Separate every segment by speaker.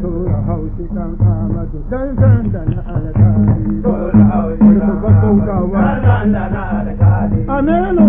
Speaker 1: tura haushi kan amadu dan da na alkali tura kan da na aminu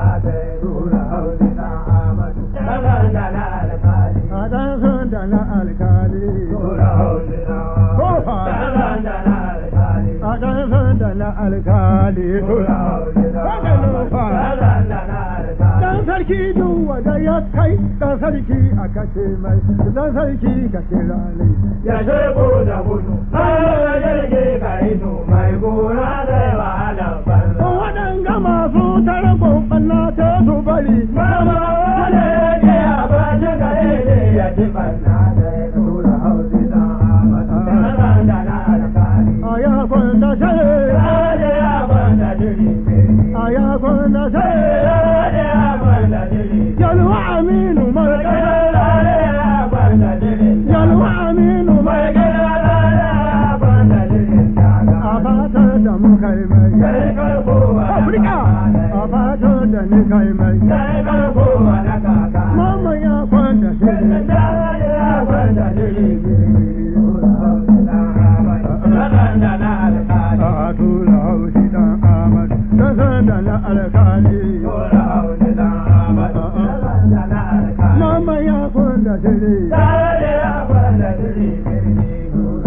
Speaker 1: alkali tura wanda sarki duwa da ya kai dan sarki a kace mai dan sarki ka kira ne ya shirko da gudu har jirgi ka ito mai gora da wahalar banza waɗanga masu tarabon ɓanna ta su a bato da ni kai mai mama ya kwanta shiri ya kwanta shiri a tura haushi dan amad ta san da na alkali mama ya kwanta shiri ya kwanta shiri